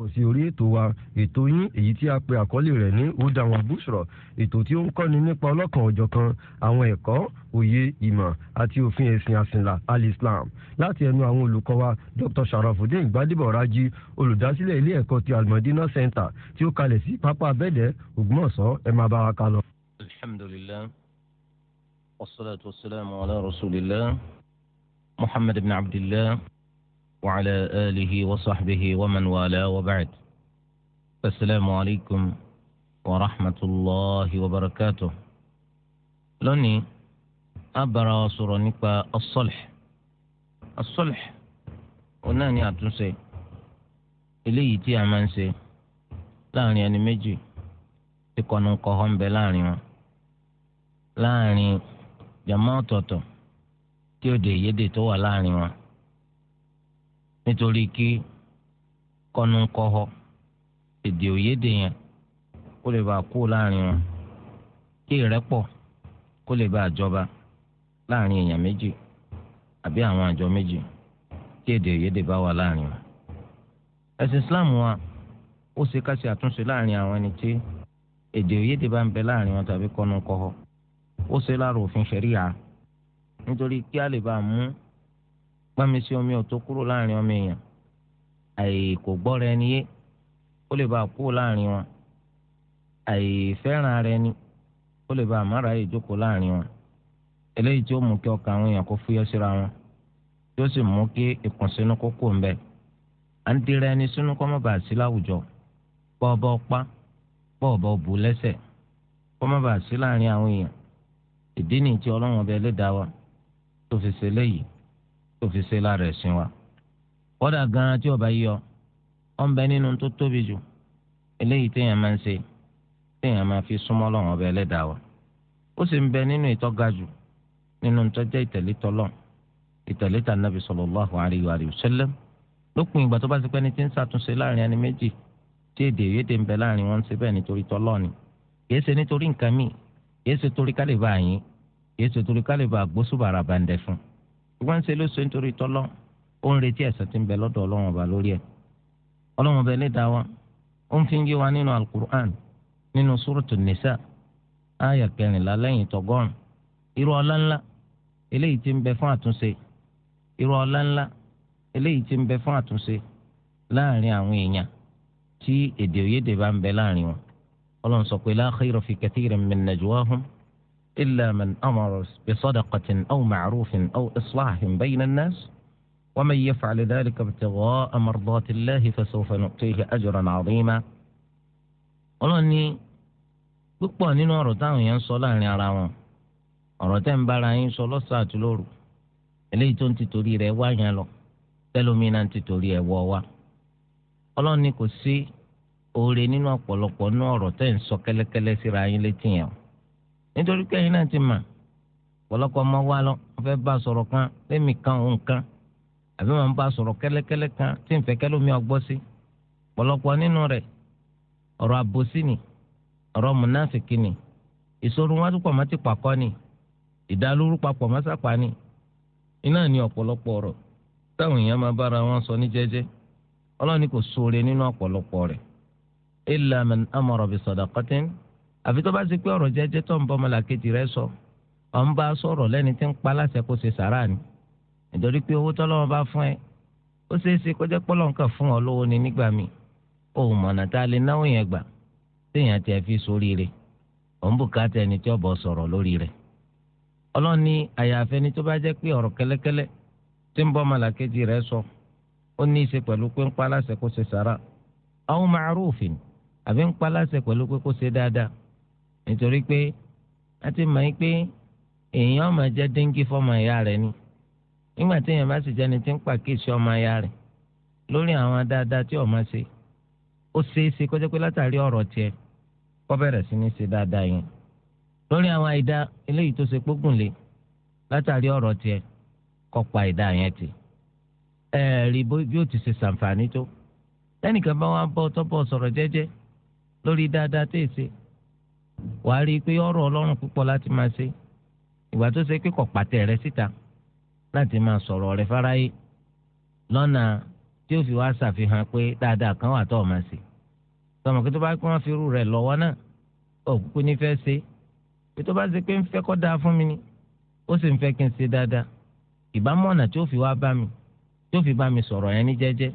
kò sí orí ètò wa ètò yín èyí tí a pe àkọlé rẹ̀ ní hudan wa bushra ètò tí ó ń kọ́ni nípa ọlọ́kan ọ̀jọ̀kan àwọn ẹ̀kọ́ òye ìmọ̀ àti òfin ẹ̀sìn àsìnlá alislam láti ẹnu àwọn olùkọ́ wa dr sharafudin gbadebo raji olùdásílẹ̀ ilé ẹ̀kọ́ ti almadina center tí ó kalẹ̀ sí pápá abẹ́dẹ̀ ògbómọ̀ṣọ́ ẹ máa bá wa lọ. alhamdulilayi wasalaatu wasalaamu ala rasulillah muhammad ibn abdillah. وعلى آله وصحبه ومن والاه وبعد السلام عليكم ورحمة الله وبركاته لوني أبرا سرنيكا الصلح الصلح وناني أتنسي إليه تي أمانسي لاني أني مجي تكون قهم بلاني لاني جماعة توتو tí ó de ìyédè tó wà láàrin wọn nítorí kí kọ́nùkọ́họ èdè òyédè yẹn kó lè bá kú láàrin wọn kí ìrẹ́pọ̀ kó lè bá jọba láàrin èèyàn méjì àbí àwọn àjọ méjì tí èdè òyédè bá wà láàrin wọn. ẹ̀sìn Islam wa ó ṣe ká ṣe àtúnṣe láàrin àwọn ẹni tí èdè òyédè bá ń bẹ láàrin wọn tàbí kọ́nùkọ́họ ó ṣe láàrò òfin ṣẹ̀ríyà nítorí kí a lè bá mú gbamisi omi ò kúrò láàrin ọmọ èèyàn àì kò gbọ́ra ẹni yé ó lè bá a kúrò láàrin wọn àì fẹ́ràn ara ẹni ó lè bá àmàrà mára yìí jókòó láàrin wọn eléyìí tí ó mú kí ọkàn àwọn èèyàn kó fúyọ́ síra wọn tí ó sì mú kí ìkùnsínú kó kò ń bẹ̀ à ń dira ẹni sínú kọ́ mọ́ sí láwùjọ lẹ́sẹ̀ kọ́ mọ́ sí láàrin àwọn èèyàn ìdí tó fi ṣe lára ẹ̀sìn wa kódà gan-an tí ọba yíyọ ọ ń bẹ nínú tó tóbi jù eléyìí téèyàn máa ń ṣe téèyàn máa fi súnmọ́ Ọlọ́run ọba ẹlẹ́dàá wa ó sì ń bẹ nínú ìtọ́ga jù nínú tọ́jẹ́ ìtẹ̀lé t'Ọlọ́run ìtẹ̀lé tà nàbì sallallahu alaihi wa sallam lópin ìgbà tó bá ti pẹ́ ni ti ń ṣàtúnṣe láàrin ẹni méjì tí èdè èdè ń bẹ láàrin wọn ń ṣe bẹ́ẹ̀ nítorí t'Ọlọ́run ni kìí ṣe nítorí nǹkan míì kìí ṣe torí kálíbà yín kìí ṣe torí kálíbà gbósùbàrà ṣùgbọ́n ń ṣe ló ṣe nítorí tọ́lọ́ ó ń retí ẹ̀san tí ń bẹ lọ́dọ̀ ọlọ́run ọba lórí ẹ̀ ọlọ́run ọba ẹlẹ́dàá wa ó ń fi ń yé wa nínú alukur'an nínú súrùtù nìṣà áyà kẹrìnlá lẹ́yìn tọgọ́rùn irú ọlá ńlá eléyìí tí ń bẹ fún àtúnṣe irú ọlá ńlá eléyìí tí ń bẹ fún àtúnṣe láàrin àwọn èèyàn tí èdè òyédè bá ń bẹ láàrin wọn ọlọ́run sọ pé la khayra fi kathirin min najwahum إلا من أمر بصدقة أو معروف أو إصلاح بين الناس ومن يفعل ذلك ابتغاء مرضات الله فسوف نؤتيه أجرا عظيما ọlọ́ni púpọ̀ nínú ọ̀rọ̀ táwọn èèyàn ń sọ láàrin ara wọn ọ̀rọ̀ tẹ́ ń bára yín sọ lọ́sàn àti lóru eléyìí tó ń tìtorí rẹ̀ wá yẹn lọ tẹ́lómìnà ń tìtorí ẹ̀ wọ́ wa ọlọ́ni kò sí oore nínú ọ̀pọ̀lọpọ̀ nínú ọ̀rọ̀ tẹ́ ń sọ kẹ́lẹ́kẹ́lẹ́ síra yín létí yẹn o nítorí pé ma náà ti mà ọ̀pọ̀lọpọ̀ ọmọ wa lọ wọ́n fẹ́ bá kan lẹ́mìí kan òun kan àbí wọ́n bá sọrọ kẹ́lẹ́kẹ́lẹ́ kan tí ń fẹ́ kẹ́lómi ọgbọ sí ọ̀pọ̀lọpọ̀ nínú rẹ̀ ọrọ àbòsí ni ọ̀rọ̀ ni ìṣòro wọn tún ti ni ìdálórú papọ̀ sápá ni iná ni táwọn èèyàn máa bára wọn sọ ní àfi tó bá ṣe pé ọ̀rọ̀ jẹ́jẹ́ tó ń bọ́ ọmọlàkejì rẹ sọ ọ̀ ń bá a sọ̀rọ̀ lẹ́ni tí ń pa láṣẹ kó ṣe sàrà ni nítorí pé owó tọ́lọ́wọ́n bá fún ẹ ó ṣeé ṣe kó jẹ́ pọ́lọ́ nǹkan fún ọ lówó ni nígbà mi òun mọ̀nà tá a lè náwó yẹn gbà téèyàn tiẹ̀ fi sórí rẹ̀ òun bùkátà ẹni tí ó sọ̀rọ̀ lórí rẹ̀ ọlọ́ni àyàfẹ́ ni tó bá jẹ́ pé ọ̀rọ̀ kẹ́lẹ́kẹ́lẹ́ tí ń bọ́ ọmọlàkejì rẹ sọ ó ní í ṣe pẹ̀lú pé ń pa láṣẹ kó ṣe sàrà àwọn màrúfin àbí ń pa láṣẹ pẹ̀lú pé kó ṣe dáadáa nítorí pé a ti mọ̀ yín pé èèyàn máa jẹ́ dengue fọ́mọ ìyá rẹ̀ ni nígbà tí èèyàn bá sì jẹ́ni tí ń pàkíyèsí ọmọ ìyá rẹ̀ lórí àwọn dáadáa tí ọmọ ṣe ó ṣeé ṣe kó jẹ́ pé látàrí ọ̀rọ̀ tiẹ̀ kó bẹ̀rẹ̀ sí ní ṣe dáadáa yẹn lórí àwọn àìdá eléyìí tó ṣe pógùn lé látàrí ọ̀rọ̀ tiẹ̀ kó pa àìdá yẹn tì ẹ̀ẹ́rì bí ó ti ṣe ṣàǹfààní tó lẹ́nìkan bá wá bọ́ tọ́ sọ̀rọ̀ jẹ́jẹ́ lórí dáadáa tó ṣe wà á rí i pé ọ̀rọ̀ Ọlọ́run púpọ̀ láti máa ṣe ìgbà tó ṣe pé kò pàtẹ rẹ síta láti máa sọ̀rọ̀ rẹ fáráyé lọ́nà tí ó fi wá ṣàfihàn pé dáadáa kan wà tó ọ̀ máa ṣe tọmọ kí tó bá kí wọ́n fi irú rẹ̀ lọ́wọ́ náà òkúkú nífẹ̀ẹ́ ṣe pé tó bá ṣe pé ń fẹ́ kọ́ dáa fún mi ni ó sì ń fẹ́ kí n ṣe dáadáa ìbámu ọ̀nà tí ó fi wá bá mi tí ó fi bá mi sọ̀rọ̀ yẹn ní jẹ́jẹ́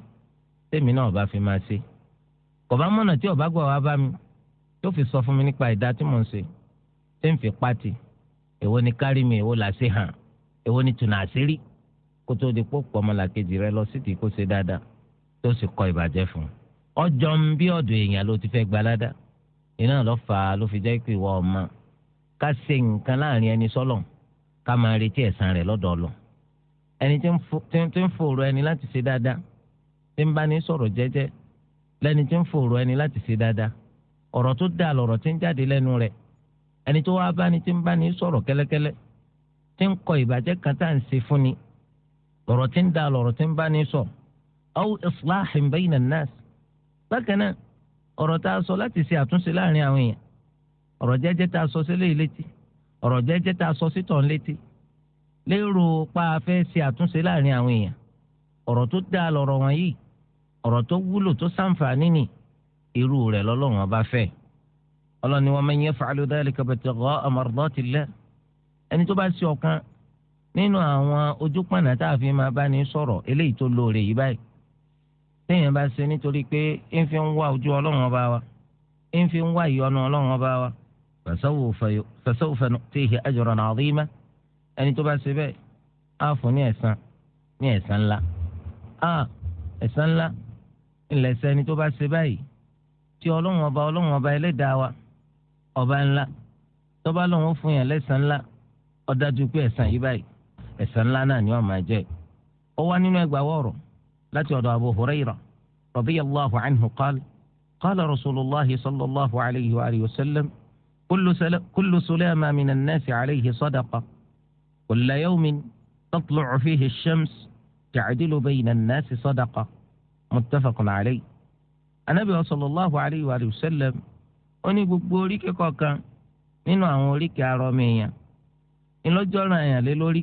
tèmi náà ọba fi máa ṣe kọ̀bámọ̀nà tí ọba gbà wá bá mi tó fi sọ fún mi nípa ìdá tí mò ń ṣe tí ń fi pati èwo ni kárí mi èwo là ṣe hàn èwo ni tùnà àṣírí kó tó di pòpọ̀ ọmọlàkejì rẹ lọ sídìí kó ṣe dáadáa tó sì kọ ìbàjẹ́ fún un ọjọ́ ń bí ọ̀dọ̀ èèyàn ló ti fẹ́ gbalada iná lọ fà á ló fi jẹ́ pé ìwọ ọmọ ká ṣe nǹkan láàrin ẹni sọ́lọ̀ ká máa retí ẹ̀san rẹ̀ lọ́dọ̀ ọlọ ẹni tí ń fòrò ẹni láti ṣe dáadáa tí ń bá ní sọ̀rọ̀ jẹ́jẹ́ lẹ́ni tí ń fòrò ẹni láti ṣe dáadáa ọ̀rọ̀ tó dáa lọ̀rọ̀ tí ń jáde lẹ́nu rẹ̀ ẹni tó wá báni tí ń báni sọ̀rọ̀ kẹ́lẹ́kẹ́lẹ́ tí ń kọ ìbàjẹ́ kan tá à ń fún ni lọ̀rọ̀ tí ń lọ̀rọ̀ sọ aw bákan náà ọ̀rọ̀ tá a sọ láti ṣe àtúnṣe láàrin àwọn èèyàn ọ̀rọ̀ jẹ́jẹ́ tá a sọ sílé sọ sítọ̀ lérò pa afẹ́ ṣe àtúnṣe láàrin àwọn èèyàn ọ̀rọ̀ tó dáa lọ̀rọ̀ ọ̀rọ̀ tó wúlò tó irú rẹ̀ lọ́lọ́run ọba fẹ́ ọlọ́ni wa man yaf'alu dhalika ibtigha'a mardatillah ẹni tó bá sí ọ̀kan nínú àwọn ojúpọ̀nà tá a fi máa bá ní sọ̀rọ̀ eléyìí tó lóore yìí báyìí téèyàn bá ṣe nítorí pé ń fi ń wá ojú ọlọ́run ọba wa ń fi ń wá ìyọ́nú ọlọ́run ọba wa fasawfa nu'tihi ajran 'azima ẹni tó bá ṣe bẹ́ẹ̀ á fún ní ẹ̀san ní ẹ̀san ńlá á ńlá ńlẹ̀ṣẹ̀ ẹni tó bá ṣe báyìí tí ọlọ́run ọba ọlọ́run ọba ẹlẹ́dàá wa ọba ńlá tọ́ba lọ́run ó fún yàn lẹ́sàn-án ńlá ó dájú pé ẹ̀san yìí báyìí ẹ̀san ńlá náà ni wọ́n máa jẹ́ ó wá nínú ẹgbàá wọ̀rọ̀ láti ọ̀dọ̀ Abu Hurairah radiyallahu anhu qala qala rasulillah sallallahu alayhi wa sallam kullu sulama min an-nasi alayhi sadaqa kulla yawmin tatlu'u fihi anabi sallallahu alayhi wa sallam ó ní gbogbo oríkè kọ̀ọ̀kan nínú àwọn oríkè arọmọèèyàn ńlọ́jọ́ ràn yàn lé lórí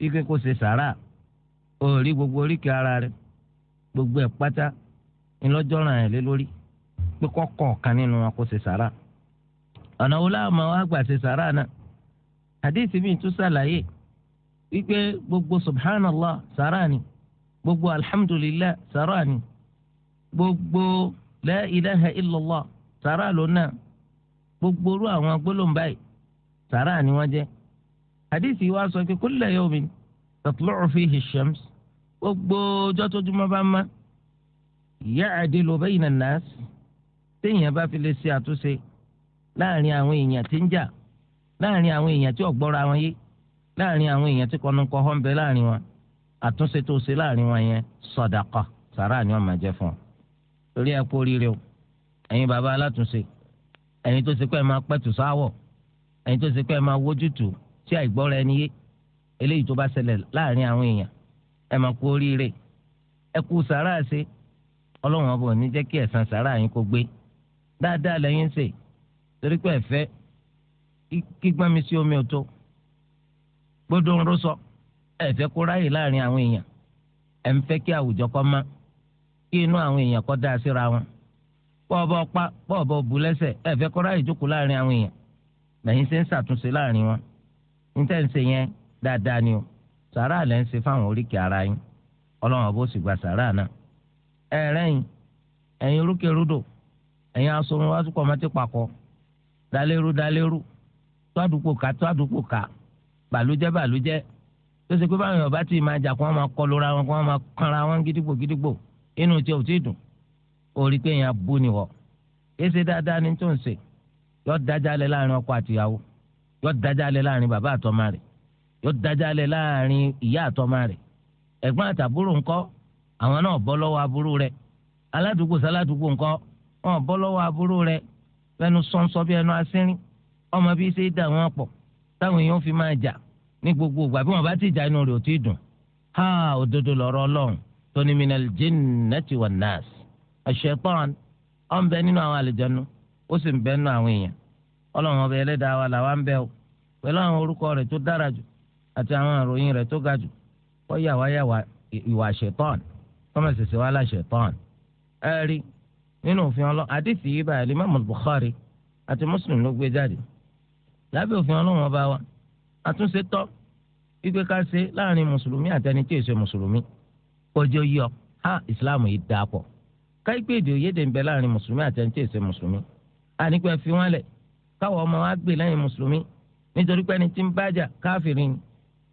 wípé kó ṣe sàrà ó rí gbogbo oríkè ara rẹ̀ gbogbo ẹ̀ pátá ńlọ́jọ́ ràn yàn lé lórí pé kọ̀ọ̀kan nínú wọn kó ṣe sàrà ọ̀nà wo láàmú àwọn àgbà ṣe sàrà náà àdéhìsí mi tún ṣàlàyé wípé gbogbo subhanallah sàrà ni gbogbo alhamdulillah sàrà ni gbogbo la ilaha illallah sàrà ló náà gbogbo orú àwọn gbólóhùn báyìí sàrà ni wọ́n jẹ́ àdìsí wa sọ pé kulla yawmin tatlu'u fihi shams gbogbo ọjọ́ tójúmọ́ bá má ya'dilu bayna an-nas téèyàn bá fi lè ṣe àtúnṣe láàrin àwọn èèyàn tí ń jà láàrin àwọn èèyàn tí ò gbọ́ra wọn yé láàrin àwọn èèyàn tí kọnu kọ hàn bẹ láàrin wọn àtúnṣe tó ṣe láàrin wọn yẹn sàdákà sàrà ni wọ́n máa jẹ fún ọ torí ẹ kú oríire o ẹ̀yin bàbá alátúnṣe ẹ̀yin tó ṣe pé ẹ máa pẹ̀tù sáwọ̀ ẹ̀yin tó ṣe pé ẹ máa wójútùú tí àìgbọ́ra ẹni yé eléyìí tó bá ṣẹlẹ̀ láàrin àwọn èèyàn ẹ máa kú oríire ẹ kú sàárà ṣe ọlọ́run ọbọ̀ ní jẹ́ kí ẹ̀san sàárà yín kó gbé dáadáa lẹ́yìn ṣe torí pé ẹ̀fẹ́ kígbọ́n mi sí omi ọ̀tọ̀ gbọ́dọ̀ ń rọ́ṣọ ẹ̀fẹ́ kó ráyè láàrin àwọn èèyàn ẹ̀ ń fẹ́ kí àwùjọ kó máa kí inú àwọn èèyàn kọ́ da síra wọn bọ́ọ̀bọ́ pa bọ́ọ̀bọ́ bu lẹ́sẹ̀ ẹ̀fẹ́ kọ́ra ìjókòó láàrin àwọn èèyàn lẹ́yìn ṣe ń ṣàtúnṣe láàrin wọn níta ń yẹn dáadáa ni o sàárà lẹ́ ń ṣe fáwọn oríkèé ara yín ọlọ́run ọ̀bọ sì gba sàárà náà ẹ̀rẹ́yìn ẹ̀yin orúkèrúdò ẹ̀yin asọ̀run wá túpọ̀ mọ́tí pakọ́ dalérú dalérú tó àdúgbò ká tó àdúgbò ká bàlújẹ́ bàlújẹ́ tó ṣe pé báwọn Yorùbá ti máa jà kó wọn máa kọlu ra inú tí o ti dùn orí pé yẹn abú ni wọ èsì dáadáa ni tó ń ṣe yọ dájà lẹ láàrin ọkọ àtìyàwó yọ dájà lẹ láàrin bàbá àtọmọ rẹ̀ yọ dájà lẹ láàrin ìyá àtọmọ rẹ̀ ẹ̀gbọ́n àtàbúrò ńkọ́ àwọn náà bọ́ lọ́wọ́ aburú rẹ̀ aládùúgbò sáládùúgbò ńkọ́ wọn bọ́ lọ́wọ́ aburú rẹ̀ lẹ́nu sọnsọ bí ẹnu asínrín ọmọ bíi ṣe dà wọn pọ̀ táwọn èèyàn fi máa jà ní gbogbo ìgbà bí wọn bá ti jà inú rẹ̀ ò tí dùn ha òdodo lọ̀rọ̀ Ọlọ́run tóní minal jinnati wan nas aṣ-ṣaytan ó ń bẹ nínú àwọn àlùjànnú ó sì ń bẹ nínú àwọn èèyàn ọlọ́run ọba ẹlẹ́dàá wa làwa ń bẹ o pẹ̀lú àwọn orúkọ rẹ̀ tó dára jù àti àwọn àròyìn rẹ̀ tó ga jù wọ́n yà wá yà wá ìwà aṣ-ṣaytan kọ́mọ̀ ṣẹ̀ṣẹ̀ wá láṣ-ṣaytan ẹ rí nínú òfin ọlọ́ àdìsí yìí báyìí Imam Bukhari àti Muslim ló gbé jáde lábẹ́ òfin ọlọ́run ọba wa àtúnṣe tọ́ wípé ká ṣe láàrin mùsùlùmí àtẹni tí èso mùsùlùmí kọjọ yọ ha ìsìláàmù yìí dáa pọ̀ káyipé èdè òyédè ń bẹ láàrin mùsùlùmí àti ẹni tí èsè mùsùlùmí àníkú ẹ fi wọn lẹ̀ káwọn ọmọ wa gbé lẹ́yìn mùsùlùmí nítorí pé ẹni tí ń bájà káfìrí ni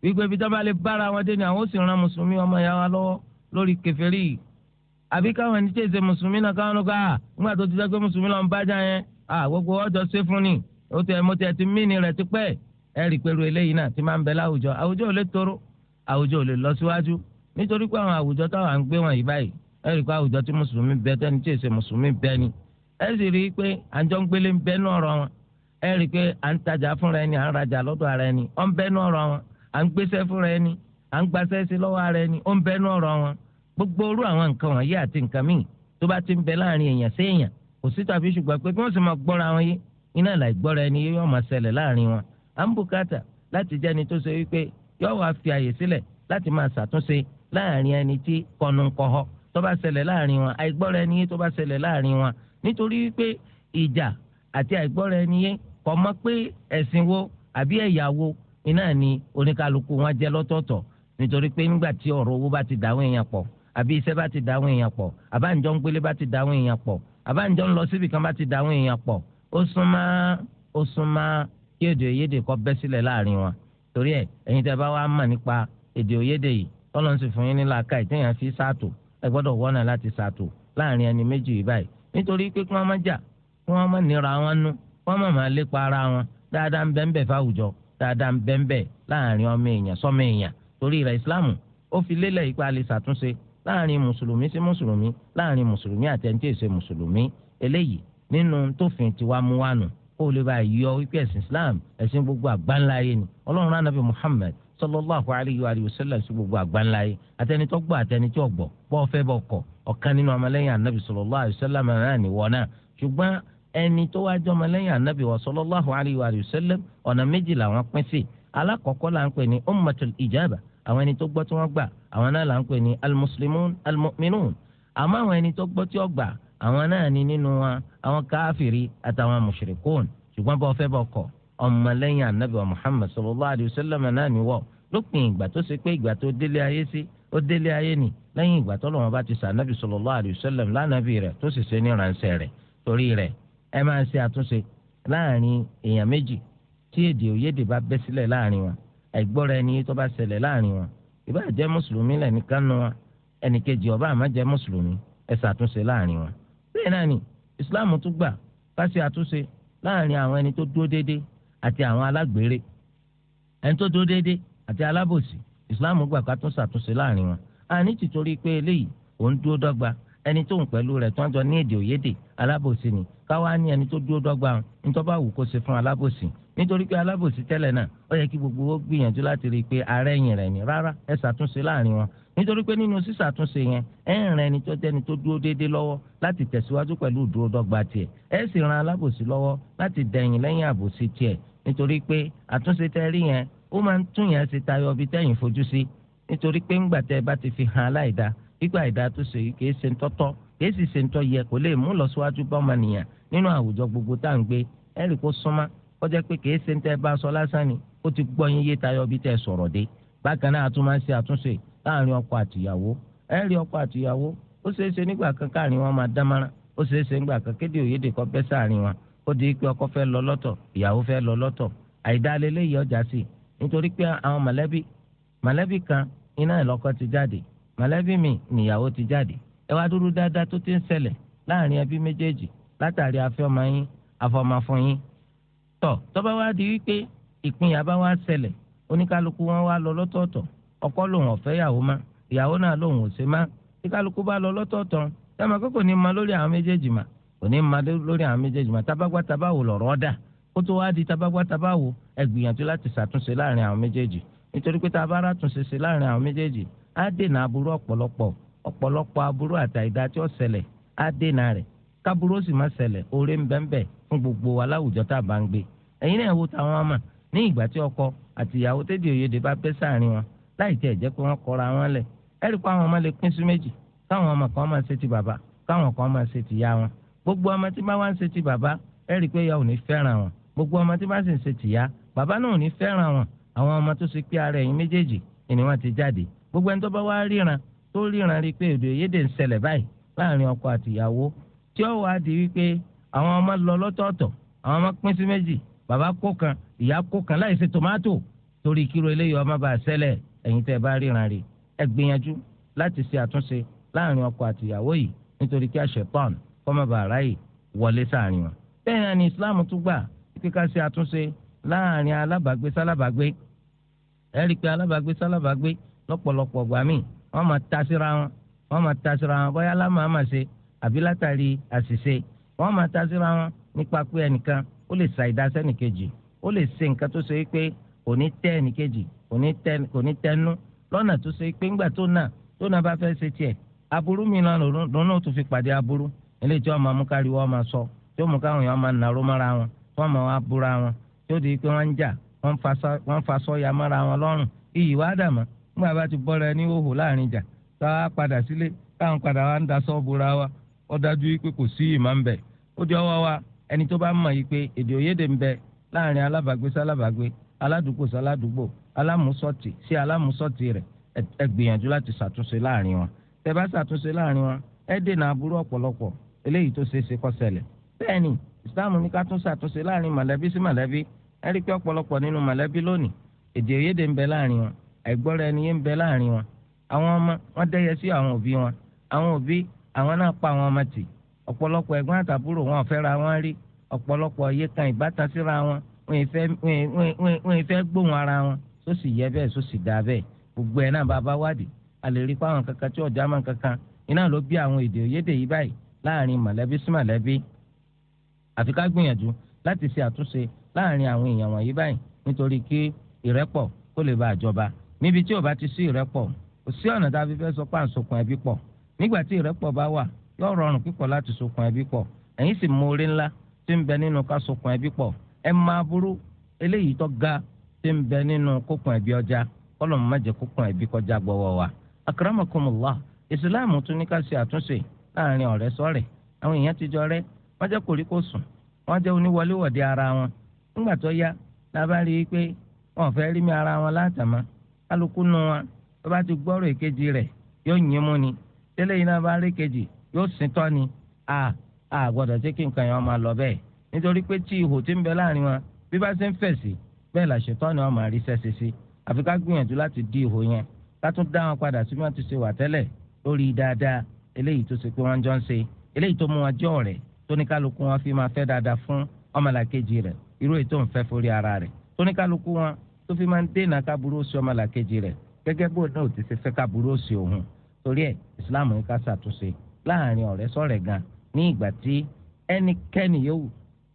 wípé ibi tó bá lè bára wọn dé ni àwọn ó sì ran mùsùlùmí ọmọ ìyá wa lọ́wọ́ lórí kèfèrí yìí àbí káwọn ẹni tí èsè mùsùlùmí náà káwọn lóka nígbà tó ti dẹ́gbẹ́ mùsùlùmí lọ́n bájà yẹn gbogbo ọjọ́ ṣe fún ni mo ti ẹ nítorí pé àwọn àwùjọ táwọn à ń gbé wọn yìí báyìí ẹ rí i pé àwùjọ tí mùsùlùmí bẹ tẹni tí èsè mùsùlùmí bẹ ni ẹ sì rí i pé àjọ ń gbélé ń bẹ náà rọ wọn ẹ rí i pé à ń tajà fúnra ẹni à ń rajà lọ́dọ̀ ara ẹni ó ń bẹ náà rọ wọn à ń gbéṣẹ́ fúnra ẹni à ń gbaṣẹ́ sí lọ́wọ́ ara ẹni ó ń bẹ náà rọ wọn gbogbo orú àwọn nǹkan wọ̀nyí àti nǹkan míì tó bá ti ń bẹ láàrin èèyàn sí èèyàn kò sí láàrin ẹni tí kọnùkọ̀họ tó bá ṣẹlẹ̀ láàrin wọn àìgbọ́ra ẹni yé tó bá ṣẹlẹ̀ láàrin wọn nítorí wípé ìjà àti àìgbọ́ra ẹni yé kò mọ̀ pé ẹ̀sìn wo àbí ẹ̀yà wo iná ni oníkálukú wọn jẹ́ lọ́tọ̀ọ̀tọ̀ nítorí pé nígbà tí ọ̀rọ̀ owó bá ti dàwọn èèyàn pọ̀ àbí iṣẹ́ bá ti dàwọn èèyàn pọ̀ àbáǹjọ ń gbélé bá ti dàwọn èèyàn pọ̀ àbáǹjọ ń lọ síbì kan bá ti dàwọn èèyàn pọ̀ ó súnmọ́ ó súnmọ́ kí èdè òyédè kó bẹ́ sílẹ̀ láàrin wọn torí ẹ̀ ẹ̀yin tẹ́ bá wàá mọ̀ nípa èdè òyédè yìí tọ́lọ́n sì fún yín ní làákà ìtẹ̀yàn fi ṣàtò ẹ gbọ́dọ̀ wọ́nà láti ṣàtò láàrin ẹni méjì yìí báyìí nítorí pé kí wọ́n má jà kí wọ́n má nira wọn nú wọ́n má má lépa ara wọn dáadáa ń bẹ́ńbẹ́ fáwùjọ dáadáa ń bẹ́ńbẹ́ láàrin ọmọ èèyàn sọ́mọ èèyàn torí rẹ̀ Islam ó fi lélẹ̀ ipa lè ṣàtúnṣe láàrin mùsùlùmí sí mùsùlùmí láàrin mùsùlùmí àti ẹni mùsùlùmí eléyìí nínú tófin tiwa mú kó o lè bá yọ wípé ẹ̀sìn Islam ẹ̀sìn gbogbo àgbáńláyé ni ọlọ́run rán nàbì Muhammad sallallahu alayhi wa sallam sí gbogbo àgbáńlá yìí àtẹni tó gbọ́ àtẹni tó gbọ́ bọ́ ọ fẹ́ bọ́ kọ̀ ọ̀kan nínú ọmọlẹ́yìn anabi sallallahu alayhi wa sallam náà nìwọ náà ṣùgbọ́n ẹni tó wá jọ ọmọlẹ́yìn anabi wa sallallahu alayhi wa sallam ọ̀nà méjì làwọn pín sí alákọ̀ọ́kọ́ là ń pè ní ummatul ijaba àwọn ẹni tó gbọ́ tí wọ́n gbà àwọn náà là ń pè ní almuslimun almu'minun ọmọlẹ́yìn anabi muhammed sallallahu alayhi wa sallam náà ni wọ́ lópin ìgbà tó ṣe pé ìgbà tó délé ayé sí ó délé ayé ni lẹ́yìn ìgbà tó lọ́wọ́ bá ti sà anabi sallallahu alayhi wa sallam lánàbì rẹ̀ tó sì ṣe ní ránṣẹ́ rẹ̀ torí rẹ̀ ẹ máa ṣe àtúnṣe láàrin èèyàn méjì tí èdè òyédè bá bẹ́ sílẹ̀ láàrin wọn àìgbọ́ra ẹni tó bá ṣẹlẹ̀ láàrin wọn ìbá jẹ́ mùsùlùmí lẹ́nìkan nu wọn ẹnìkejì ọba àmọ́ jẹ́ mùsùlùmí ẹ ṣàtúnṣe láàrin wọn. bẹ́ẹ̀ náà ni ìsìláàmù tún gbà ká ṣe àtúnṣe láàrin àwọn ẹni tó dúró déédéé àti àwọn alágbèrè ẹni tó dúró déédéé àti alábòsí islam gbà ká tún ṣàtúnṣe láàrin wọn àní tìtorí pé eléyìí òun dúró ẹni tó ń pẹ̀lú rẹ̀ tó ń ní èdè òyédè alábòsí ni káwá ní ẹni tó dúró dọ́gba nítorí wù kó ṣe fún alábòsí nítorí pé alábòsí tẹ́lẹ̀ náà ó yẹ kí gbogbo ó gbìyànjú láti rí i pé rẹ̀ ni rárá ẹ ṣàtúnṣe láàrin wọn nítorí pé nínú sísàtúnṣe yẹn ẹ ń ran ẹni tó tó dúró déédéé lọ́wọ́ láti tẹ̀síwájú pẹ̀lú tiẹ̀ ẹ sì ran alábòsí lọ́wọ́ láti lẹ́yìn àbòsí nítorí pé àtúnṣe tẹ́ rí yẹn ó máa ń tún yẹn ṣe tayọ ibi tẹ́yìn fojú sí nítorí pé ńgbà tẹ́ bá ti fi hàn aláìda gbígbà ìdá tó ṣe kìí ṣe ń tọ́tọ́ kìí sì ṣe ń tọ́ yẹ kó lè mú lọ síwájú bá ọmọnìyàn nínú àwùjọ gbogbo tá à ń gbé ẹ̀rì kó súnmá ó jẹ́ pé kìí ṣe ń tẹ́ bá aṣọ lásán ni ó ti gbọ́ yín yé tayọ ibi tẹ́ sọ̀rọ̀ dé bákan náà a tún ó di pé ọkọ fẹ lọ lọ́tọ̀ ìyàwó fẹ lọ lọ́tọ̀ àìdáálé léyìí ọjà sí nítorí pé àwọn mọ̀lẹ́bí mọ̀lẹ́bí kan iná ìlọ́kọ ti jáde mọ̀lẹ́bí mi nìyàwó ti jáde ẹ wá dúró dáadáa tó ti ń ṣẹlẹ̀ láàrin ẹbí méjèèjì látàrí afẹ́ọmọ yín tọ̀ di wípé ìpínyà bá oníkálukú wọn wá lọ ọkọ òní madé lórí àwọn méjèèjì mà tabagbá tabáwo lọ̀rọ̀ ọ̀dà kó tó wá di tabagbá tabáwo ẹ gbìyànjú láti ṣàtúnṣe láàrin àwọn méjèèjì nítorí pé tá a bá ràtúnṣe ṣe láàrin àwọn méjèèjì á dènà aburú ọ̀pọ̀lọpọ̀ ọ̀pọ̀lọpọ̀ aburú àtàìdá tí ó ṣẹlẹ̀ á dènà rẹ̀ káburú sì má ṣẹlẹ̀ oore ń bẹ́ńbẹ́ fún gbogbo wa láwùjọ tá a bá ń gbé ẹ̀yin náà wo táwọn ọmọ ní ìgbà tí ọkọ àtìyàwó tẹ́jì òyedè bá bẹ́ sáàrin wọn pa àwọn ọmọ lè pín sí méjì káwọn ọmọ kan máa ṣe ti bàbá káwọn kan máa ṣe ti ya wọn gbogbo ọmọ tí bá wá ń ṣe ti bàbá ẹ rí i pé ìyá ò ní fẹ́ràn wọn gbogbo ọmọ tí bá sì ń ṣe tìyá bàbá náà ò ní fẹ́ràn wọn àwọn ọmọ tó ṣe pé ara ẹ̀yìn méjèèjì ni wọ́n ti jáde gbogbo ẹni tó bá wá ríran tó ríran rí i pé èdè òyédè ń ṣẹlẹ̀ báyìí láàrin ọkọ àtìyàwó tí ó wàá di wípé àwọn ọmọ lọ lọ́tọ̀ọ̀tọ̀ àwọn ọmọ pín sí méjì bàbá kó kan ìyá kó kan láì tòmátò torí kíro eléyìí ọmọ bá ṣẹlẹ̀ ẹ̀yin tẹ́ bá ríran rí ẹ gbìyànjú láti ṣe àtúnṣe láàrin ọkọ àtìyàwó yìí nítorí kí àṣẹ pọ́ùn kọ́mọ bàrà yìí wọlé sáàrin wọn. bẹ́ẹ̀ náà ni islam tún gbà pé ká ṣe àtúnṣe láàrin alábàágbé sálábàágbé ẹ rí i pé alábàágbé sálábàágbé lọ́pọ̀lọpọ̀ gbà míì wọ́n máa ta síra wọn wọ́n máa ta síra wọn bóyá lámàá máa ṣe àbí látàrí àṣìṣe wọ́n máa ta síra wọn nípa pé ẹnìkan ó lè sa ìdá sẹ́nìkejì ó lè ṣe nǹkan tó ṣe pé kò ní tẹ́ ẹnìkejì kò ní tẹnu lọ́nà tó ṣe pé ńgbà tó nà tó nà bá fẹ́ ṣe tiẹ̀ aburú mi náà lòun tó fi pàdé aburú ilé tí wọ́n máa mú kárí sọ tí ó mú káwọn èèyàn máa nàró mọ́ra wọn tí wọ́n máa wá búra wọn tí ó di pé wọn ń jà wọn fa sọ́ya mọ́ra wọn lọrùn iyì wá nígbà bá ti bọ́ra ẹni hóhò láàrin jà tá a padà sílé táwọn padà wá ń da sọ́ọ̀bùra wa ó dájú pé kò sí ìmọ̀ ń bẹ̀ ó di ọwọ́ wa ẹni tó bá mọ̀ yìí pé èdè òyédè ń bẹ láàrin alábàgbé sálábàgbé aládùúgbò sáládùúgbò alámùsọ̀tì sí alámùsọ̀tì rẹ̀ ẹ láti eléyìí tó ṣeé ṣe kó ṣẹlẹ̀ bẹ́ẹ̀ ni islam ní ká tún ṣàtúnṣe láàrin mọ̀lẹ́bí sí mọ̀lẹ́bí ẹ rí i pé ọ̀pọ̀lọpọ̀ nínú mọ̀lẹ́bí lónìí èdè òyédè ń bẹ láàrin wọn àìgbọ́ra ẹni yé ń bẹ láàrin wọn àwọn ọmọ wọn dẹ́yẹ sí àwọn òbí wọn àwọn òbí àwọn náà pa àwọn ọmọ tì ọ̀pọ̀lọpọ̀ ẹ̀gbọ́n àtàbúrò wọn fẹ́ra wọn rí ọ̀pọ̀lọpọ̀ iye kan ìbátan síra wọn wọn ìfẹ́ gbóhùn ara wọn tó sì yẹ bẹ́ẹ̀ tó sì dáa bẹ́ẹ̀ gbogbo ẹ̀ náà bàbá wádìí a lè rí i pé àwọn kankan tí ọ̀já máa kankan iná ló bí àwọn èdè òyédè yìí báyìí láàrin mọ̀lẹ́bí sí mọ̀lẹ́bí àfi ká gbìyànjú láti ṣe àtúnṣe láàrin àwọn èèyàn wọ̀nyí báyìí nítorí kí ìrẹ́pọ̀ kó lè bá àjọba níbi tí ò bá ti sí ìrẹ́pọ̀ kò sí ọ̀nà tá a fi fẹ́ sọ pé à ń sokùn ẹbí pọ̀ nígbà tí ìrẹ́pọ̀ bá wà yóò rọrùn pípọ̀ láti sokùn ẹbí pọ̀ ẹ̀yin sì mú orí ńlá tí ń bẹ nínú ká sokùn ẹbí pọ̀ ẹ máa burú eléyìí tó ga tí ń bẹ nínú kókùn ẹbí ọjà kọ́lọ́mù má jẹ́ ẹbí kọjá gbọ́wọ́ wa akramakumullah ìsìláàmù tún ní ká ṣe àtúnṣe láàrin ọ̀rẹ́ sọ̀rẹ́ àwọn èèyàn ti jọ rẹ́ wọ́n jẹ́ kòríkòsùn wọ́n jẹ́ oníwọléwọ̀de ara wọn nígbà tó yá la bá rí i pé wọn ò fẹ́ rí mi ara wọn látàmá kálukú nu wọn tó bá ti gbọ́rọ̀ èkejì rẹ̀ yóò yín mú ni tẹ́lẹ̀ yìí náà bá rí kejì yóò sin tọ́ ni a a gbọ́dọ̀ jẹ́ kí nǹkan yẹn máa lọ bẹ́ẹ̀ nítorí pé tí ihò ti ń bẹ láàrin wọn bí bá ṣe ń fẹ̀ sí bẹ́ẹ̀ làṣẹ tọ́ ni wọn máa rí sẹ́sẹ sí àfi ká gbìyànjú láti dí ihò yẹn ká dá wọn padà sí wọn ti ṣe wà tẹ́lẹ̀ lórí dáadáa eléyìí tó ṣe pé wọ́n jọ ń ṣe eléyìí tó mú wọn jọ rẹ̀ tóníkálukú wọn fi máa fẹ́ dáadáa fún ọmọlàkejì rẹ̀ irú èyí tó ń fẹ́ forí ara rẹ̀ tóníkálukú wọn tó fi máa ń dènà kábúrú sí ọmọlàkejì rẹ̀ gẹ́gẹ́ bó náà ti ṣe fẹ́ kábúrú sí òun torí ẹ̀ Islam ní ká ṣàtúnṣe láàrin ọ̀rẹ́ sọ̀rẹ́ gan ní ìgbà tí ẹnikẹ́ni yòówù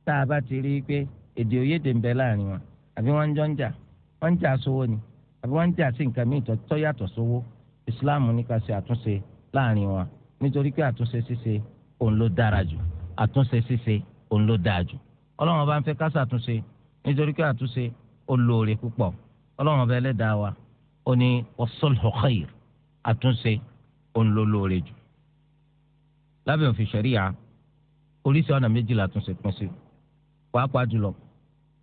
tá a bá ti rí i pé èdè òyédè ń bẹ láàrin wọn àbí wọ́n jọ ń jà wọ́n jà sówó ni àbí wọ́n ń jà sí nǹkan míì tó yàtọ̀ sówó Islam ní ká ṣe láàrin wọn nítorí pé àtúnṣe ṣíṣe òun ló dára jù àtúnṣe ṣíṣe òun ló dáa jù ọlọ́run ọba ń fẹ́ ká ṣàtúnṣe nítorí pé àtúnṣe ó lóore púpọ̀ ọlọ́run ọba ẹlẹ́dàá wa ó ní wasulhu khair àtúnṣe òun ló lóore jù. lábẹ́ òfin ṣẹ̀ríyà oríṣi ọ̀nà méjìlá àtúnṣe pín sí pàápàá jùlọ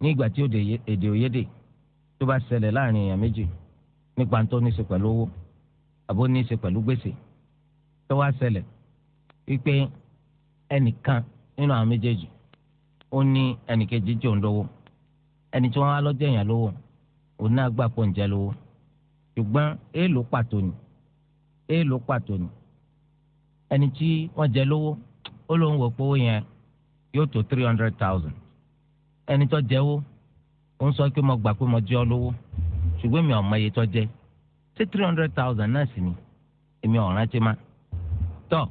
ní ìgbà tí èdè òyédè tó bá ṣẹlẹ̀ láàrin èèyàn méjì nípa tó ní tó wá ṣẹlẹ̀ wípé ẹnìkan nínú àwọn méjèèjì ó ní ẹnìkejì jò ń lówó ẹni tí wọ́n wá lọ́jọ́ èèyàn lówó òun náà gbà pọ̀ ń lówó ṣùgbọ́n èèlò pàtó ni èèlò pàtó ni ẹni tí wọ́n jẹ lówó ó lóun wò pé owó yẹn yóò tó three hundred thousand ẹni tó jẹ́wó ó ń sọ pé mo gbà pé mo jẹ́ ọ lówó ṣùgbọ́n mi ò mọ iye tó jẹ́ ṣé three hundred thousand náà sì ni èmi ò rántí máa tọ́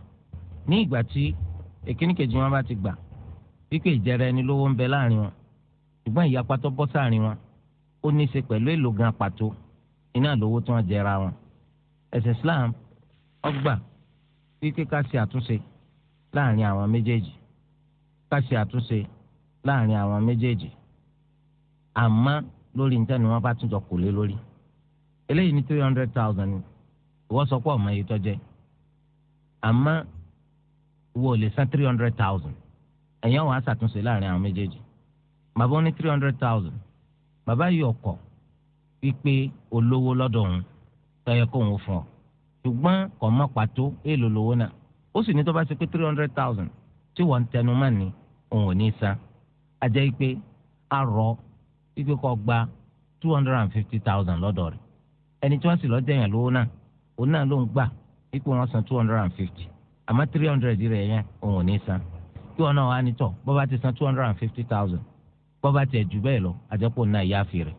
ní ìgbà tí èkíní kejì wọn bá ti gbà wípé ìjẹra ẹni lówó ń bẹ láàrin wọn ṣùgbọ́n ìyapa tó bọ́ sáàrin wọn ó ní í ṣe pẹ̀lú èlò gan pàtó iná lówó tí wọ́n jẹra wọn ẹ̀sìn Islam ọgbà wípé ká ṣe àtúnṣe láàrin àwọn méjèèjì ká ṣe àtúnṣe láàrin àwọn méjèèjì àmọ́ lórí níta ni wọ́n bá tún jọ kò lé lórí eléyìí ní three hundred thousand ìwọ sọ pé ọmọ yìí tọ́jẹ́ àmọ́ wo lè san three hundred thousand ẹ̀yin àwọn aṣàtúnṣe láàrin àwọn méjèèjì bàbá ní three hundred thousand bàbá yìí ọkọ̀ wípé olówó lọ́dọ̀ òun tọ́yẹ kó òun fún ọ ṣùgbọ́n kò mọ̀ pàtó èèlò lówó náà ó sì ní tó bá ṣe pé three hundred thousand tí wọ́n ń tẹnu mọ́ ni òun ò ní san á pé a rọ wípé kó gba two hundred and fifty thousand lọ́dọ̀ rẹ̀ ẹni tí wọ́n sì lọ́ọ́ jẹ̀yàn lówó náà òun náà ló ń gbà ipò wọn san two hundred and fifty àmọ́ three hundred rẹ̀ yẹn òun ò ní san kí wọn náà wá ní tọ̀ bọ́ ti san two hundred and fifty thousand bọ́ bá tiẹ̀ jù bẹ́ẹ̀ lọ àjẹpọ̀ náà yá fi rẹ̀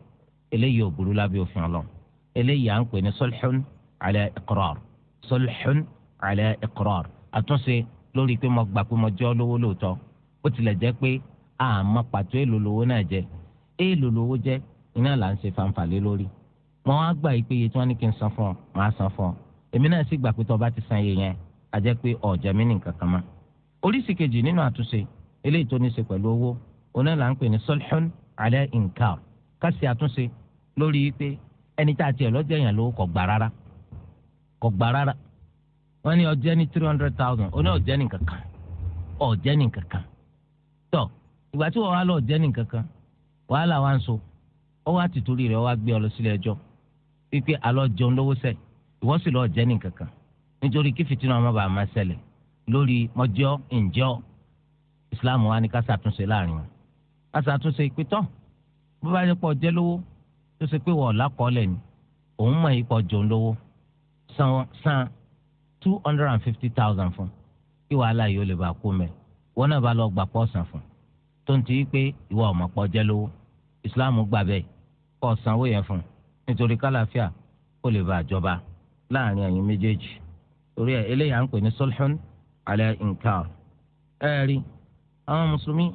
eléyìí ò burú lábẹ́ òfin ọlọ́run eléyìí à ń pè ní sulhun ala iqrar sulhun ala iqrar àtúnṣe lórí pé mo gbà pé mo jẹ́ olówó lóòótọ́ ó tilẹ̀ jẹ́ pé àmọ́ pàtó èlò lówó náà jẹ́ èlò lówó jẹ́ iná là ń ṣe fanfàlẹ́ lórí mo wá gbà yìí pé iye tí wọ́n ní kí n san fún ọ màá san fún ọ èmi náà sì gbà pé tọba ti san iye yẹn a jẹ́ pé ọ̀jẹ̀ mi nìkan kan mọ́. oríṣi kejì nínú àtúnṣe eléyìí tó ní ṣe pẹ̀lú owó oná là ń pè ní sulhun ala inkar ká ṣe àtúnṣe lórí pé ẹni tá a tiẹ̀ lọ́jọ́ yẹn lówó kò gbà rárá kò gbà rárá wọ́n ní ọjẹ́ ní three hundred thousand oní ọjẹ́ nìkan kan ọjẹ́ nìkan kan tọ́ ìgbà tí wọ́n wá lọ ọjẹ́ nìkan kan wàhálà wa ń so ọwọ́ àtìtúrí rẹ̀ wá gbé ọ lọ sílé ẹjọ́ wípé alọ́ jẹun lówó sẹ́yìn ìwọ sì lọ jẹ́ nìkan kan nítorí kí fìtínà ọmọ bàá máa ṣẹlẹ̀ lórí mọ́jọ́ ǹjọ́ islam wa ni ká ṣàtúnṣe láàrin wọn ká ṣàtúnṣe ìpìtọ́ bó bá yẹ pọ̀ jẹ́ lówó tó ṣe pé wọ́n lákọ́ọ́lẹ̀ ni òun mọ̀ ipò jòun lówó san two hundred and fifty thousand fún kí wàhálà yìí ó lè bá kú mẹ́ wọn náà bá lọ gbà pọ̀ san fún tó ń ti pé ìwọ ọmọ pọ̀ jẹ́ lówó islam gbà bẹ́ẹ̀ kó sanwó yẹn fún nítorí kálàáfíà ó lè bá àjọba láàrin ẹ̀yin méjèèjì torí ẹ̀ eléyà ń pè ní sulhun ala inkar ẹ rí àwọn mùsùlùmí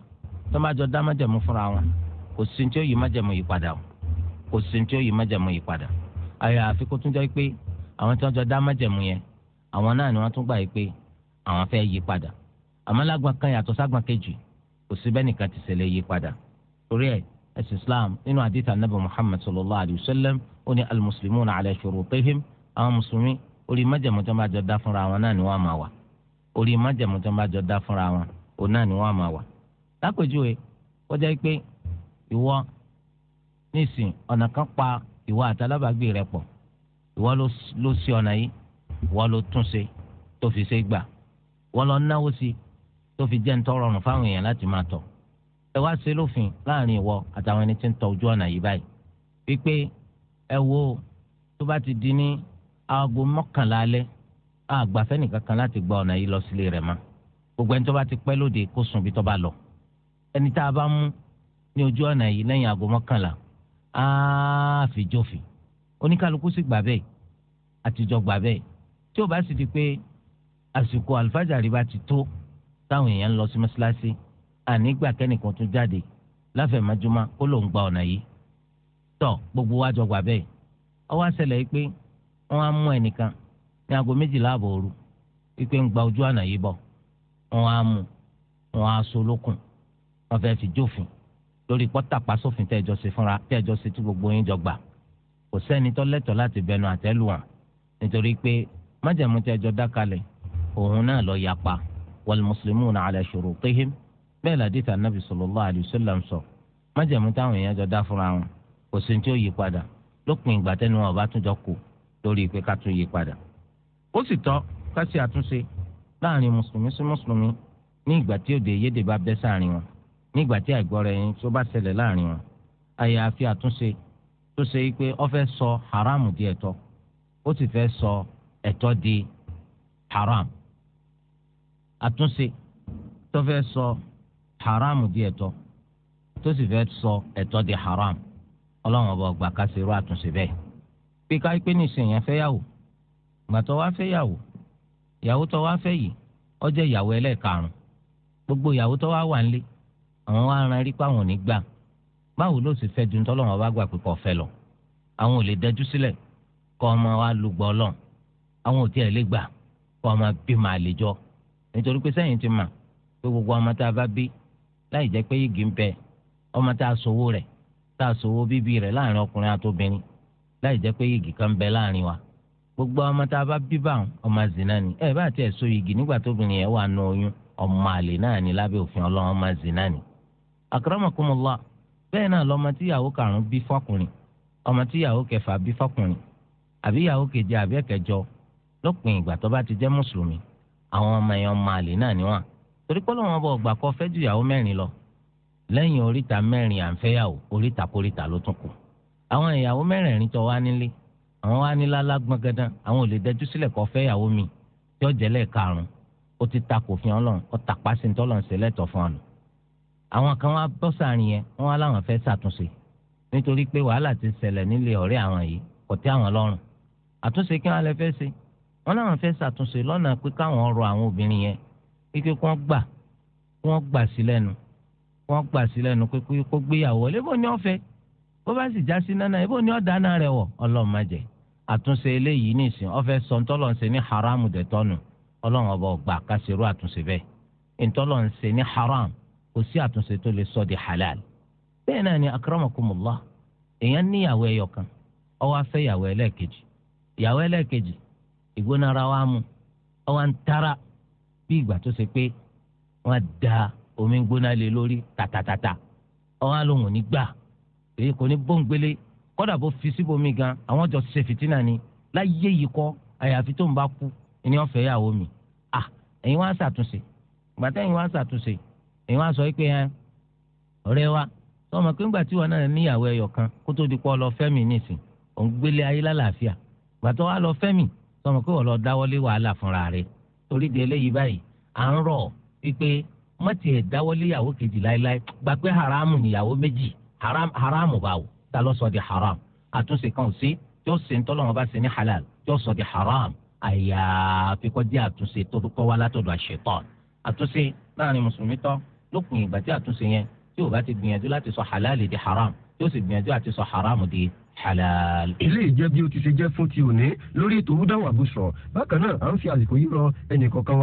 tó bá jọ dá májẹ̀mú fúnra wọn kò sí tí ó yí májẹ̀mú yí padà kò sí tí ó yí májẹ̀mú yí padà àyàfi kó tún jẹ́ pé àwọn tí wọ́n jọ dá májẹ̀mú yẹn àwọn náà ni wọ́n tún gbà yí pé àwọn fẹ́ yí padà àmọ́ lágbọn kan yàtọ̀ ságbọn kejì kò sí bẹ́ẹ̀ nìkan ti ṣẹlẹ̀ yí padà torí ẹ̀ ẹ̀sìn Islam nínú àdìtà nàbẹ̀ Muhammad sallallahu alayhi wa sallam ó ní al-muslimuna ala shurutihim àwọn mùsùlùmí orí májẹ̀mú tó bá jọ dá fúnra wọn náà ni wọ́n máa wà orí májẹ̀mú tó bá jọ dá fúnra wọn òun náà ni wọ́n máa wà. lápèjúwe ó jẹ́ pé ìwọ nísìn ọ̀nà kan pa ìwọ àtàlábàgbé rẹ pọ̀ ìwọ ló ṣe ọ̀nà yìí ìwọ ló tún ṣe tó fi ṣe gbà ìwọ ló náwó sí tó fi jẹ́ ntọ́ fáwọn èèyàn láti máa tọ̀ ẹ wá ṣe lófin láàrin ìwọ àtàwọn ẹni tí ń tọ ojú ọ̀nà yìí báyìí wípé ẹ wo tó bá ti di ní aago mọ́kànlá alẹ́ àgbàfẹ́ nìkan kan láti gba ọ̀nà yìí lọ sílé rẹ̀ mọ́ gbogbo ẹni tó bá ti pẹ́ lóde kó sùn bí tó bá lọ ẹni tá a bá mú ní ojú ọ̀nà yìí lẹ́yìn aago mọ́kànlá àfijọ́fin oníkálukú sì gbà bẹ́ẹ̀ àtijọ́ gbà bẹ́ẹ̀ tí ó bá sì di pé àsìkò àlùfáàjàrí bá ti tó táwọn èèyàn ń lọ sí mọ́ṣáláṣí ànígbà kẹ́nìkan tún jáde láfẹ̀mọ́júmọ́ kó ló gba ọ̀nà yìí tọ́ gbogbo wa gbà bẹ́ẹ̀ ọwọ́ àṣẹlẹ̀ yìí pé wọ́n á mú ẹnìkan ní aago méjìlá àbọ̀ òru wípé ń gba ojú àná yìí bọ̀ wọ́n á mú wọ́n á so lókun wọ́n fẹ́ẹ́ fi jófin lórí pọ́tàpá sófin tẹ́ẹ̀jọ́ ṣe fúnra tẹ́ẹ̀jọ́ ṣe tí gbogbo yín jọ kò sẹ́ni tó láti bẹnu àtẹ́lù nítorí pé májẹ̀mú tẹ́ẹ̀jọ́ dákalẹ̀ òun náà lọ yapa wal muslimuna ala shurutihim bẹ́ẹ̀ làdìtà nàbì sallallahu alayhi wa sọ májẹ̀mú táwọn èèyàn jọ dá fúnra wọn kò sí ní tí ó yí padà lópin ìgbà tẹ́nu wọn ọba tún jọ kù lórí pé ká tún yí padà ó sì tọ́ ká ṣe àtúnṣe láàrin mùsùlùmí sí mùsùlùmí ní ìgbà tí òde yédè bá bẹ́ sáàrin wọn ní ìgbà tí àìgbọ́ra ẹ̀yìn tó bá ṣẹlẹ̀ láàrin wọn àyàfi àtúnṣe tó ṣe pé ó fẹ́ sọ haram di ẹ̀tọ́ ó sì fẹ́ sọ ẹ̀tọ́ di haram àtúnṣe tó fẹ́ sọ haram di ẹ̀tọ́ tó sì fẹ́ sọ ẹ̀tọ́ di haram ọlọ́run ọba ọgbà ká ṣe irú àtúnṣe bẹ́ẹ̀ pé ká pé nìsín yẹn fẹ́ yàwó ìgbà tó wá fẹ́ yàwó ìyàwó tó wá fẹ́ yìí ó jẹ́ ìyàwó ẹlẹ́ẹ̀karùn gbogbo ìyàwó tó wá wà ńlé àwọn wá ran rí pé àwọn ò ní gbà báwo ló sì fẹ́ ju ní tọ́lọ́wọ́n bá gbà pé kò fẹ́ lọ àwọn ò lè dẹjú sílẹ̀ kọ́ ọmọ wa lùgbọ́ ọlọ́run àwọn ò tiẹ̀ lè gbà kọ́ ọmọ bí màá lè nítorí pé sẹ́yìn ti mà pé gbogbo ọmọ tá a bá bí láì jẹ́ pé yìgì ń bẹ ọmọ tá a sowó rẹ̀ tá a sowó bíbí rẹ̀ láàrin ọkùnrin àtobìnrin láì jẹ́ pé yìgì kan bẹ láàrin wa gbogbo ọmọ tá a bá bí bá ọmọ zina ni ẹ bá tiẹ̀ so yìgì nígbà tóbìnrin yẹn wà nù oyún ọmọ àlè náà ni lábẹ́ òfin ọlọ́run ọmọ zina ni. akramakumullah bẹ́ẹ̀ náà lọ́mọ tí ìyàwó karùn-ún bí fọkùnrin ọmọ tí ìyàwó kẹfà bí fọkùnrin àbí ìyàwó keje àbí ẹ̀kẹjọ lópin ìgbà tó bá ti jẹ́ mùsùlùmí àwọn ọmọ yẹn ọmọ àlè náà ni wọn torí pé lọ́wọ́n bọ̀ ọgbà fẹ́ ju ìyàwó mẹ́rin lọ lẹ́yìn oríta mẹ́rin à ń fẹ́yàwó oríta kóríta ló tún kù àwọn ìyàwó mẹ́rẹ̀ẹ̀rin tó wá nílé àwọn wá nílé alágbọ̀n gẹ́dán àwọn ò lè dẹjú sílẹ̀ kó fẹ́ ìyàwó mi tí ó jẹ́lẹ̀ karùn-ún ó ti ta kò fihàn lọ́n ó tàpá sí tọ́lọ́n sí lẹ́tọ̀ fún ọ̀nà. àwọn kan wá bọ́ sàárín yẹn wọ́n wá láwọn fẹ́ ṣàtúnṣe nítorí pé wàhálà ti ṣẹlẹ̀ nílé ọ̀rẹ́ àwọn yìí kò tẹ́ àwọn lọ́rùn àtúnṣe kí wọ́n lè fẹ́ ṣe wọ́n láwọn fẹ́ ṣàtúnṣe lọ́nà pé káwọn rọ àwọn obìnrin yẹn pé kí wọ́n gbà wọ́n gbà sí lẹ́nu wọ́n gbà sí lẹ́nu kó gbéyàwó lébò ní ọ̀fẹ́ bó bá sì já sí náà náà ibo ni ọ̀dáná rẹ̀ wọ̀ ọlọ́run má jẹ́ àtúnṣe eléyìí nìsín ọ̀fẹ́ sọ ní haram tọ́nu ọlọ́run ọba ọgbà kásìrú àtúnṣe bẹ́ẹ̀ ntọ́lọ́nse ní haram kò sí àtúnṣe tó lè sọ di halal bẹ́ẹ̀ náà ni akramakumullah èèyàn níyàwó ẹyọ kan ó wá yàwó ẹlẹ́ẹ̀kejì yàwó ẹlẹ́ẹ̀kejì ìgbónára wa tara bí ìgbà tó ṣe pé wọ́n da omi gbóná èyí kò ní bóńgbélé kódà bó fi síbòmí gan àwọn jọ ṣe fìtínà ni láyé yìí kọ́ àyàfi tó ń bá kú ni wọ́n fẹ́ yàwó mi à ẹ̀yin wá ṣàtúnṣe gbàtẹ́ ẹ̀yin wá ṣàtúnṣe ẹ̀yin wá sọ pé ẹ ọ̀rẹ́ wa sọmọ pé ńgbà tí wọn náà níyàwó ẹyọ kan kó tó di pọ́ lọ fẹ́mi nìsín òun gbélé ayé lálàáfíà gbàtọ́ wa lọ fẹ́mi sọmọ pé wọ́n lọ dáwọ́lé wàhálà fúnra rẹ̀ torí di eléyìí báyìí à ń rọ̀ wípé mọ̀tì ẹ̀ dáwọ́lé ìyàwó kejì láéláé gbà pé haramu níyàwó méjì haram haramu báwo ta ló sọ di haram àtúnṣe kan ò sí tí ó ṣe ń tọ́lọ́wọ́n bá ṣe ní halal tí ó sọ di haram àyàfi kó jẹ́ àtúnṣe tó kọ́ wá látọ̀dọ̀ àṣetán àtúnṣe láàrin mùsùlùmí tán lópin ìgbà tí àtúnṣe yẹn tí ò bá ti gbìyànjú láti sọ halal di haram tí ó sì gbìyànjú àti sọ haram di halal. eléyìí jẹ́ bí ó ti ṣe jẹ́ fún ti òní lórí ètò wúdáwà bùsọ̀ bákan náà à ń fi àsìkò yìí rọ ẹnì kọ̀ọ̀kan wa.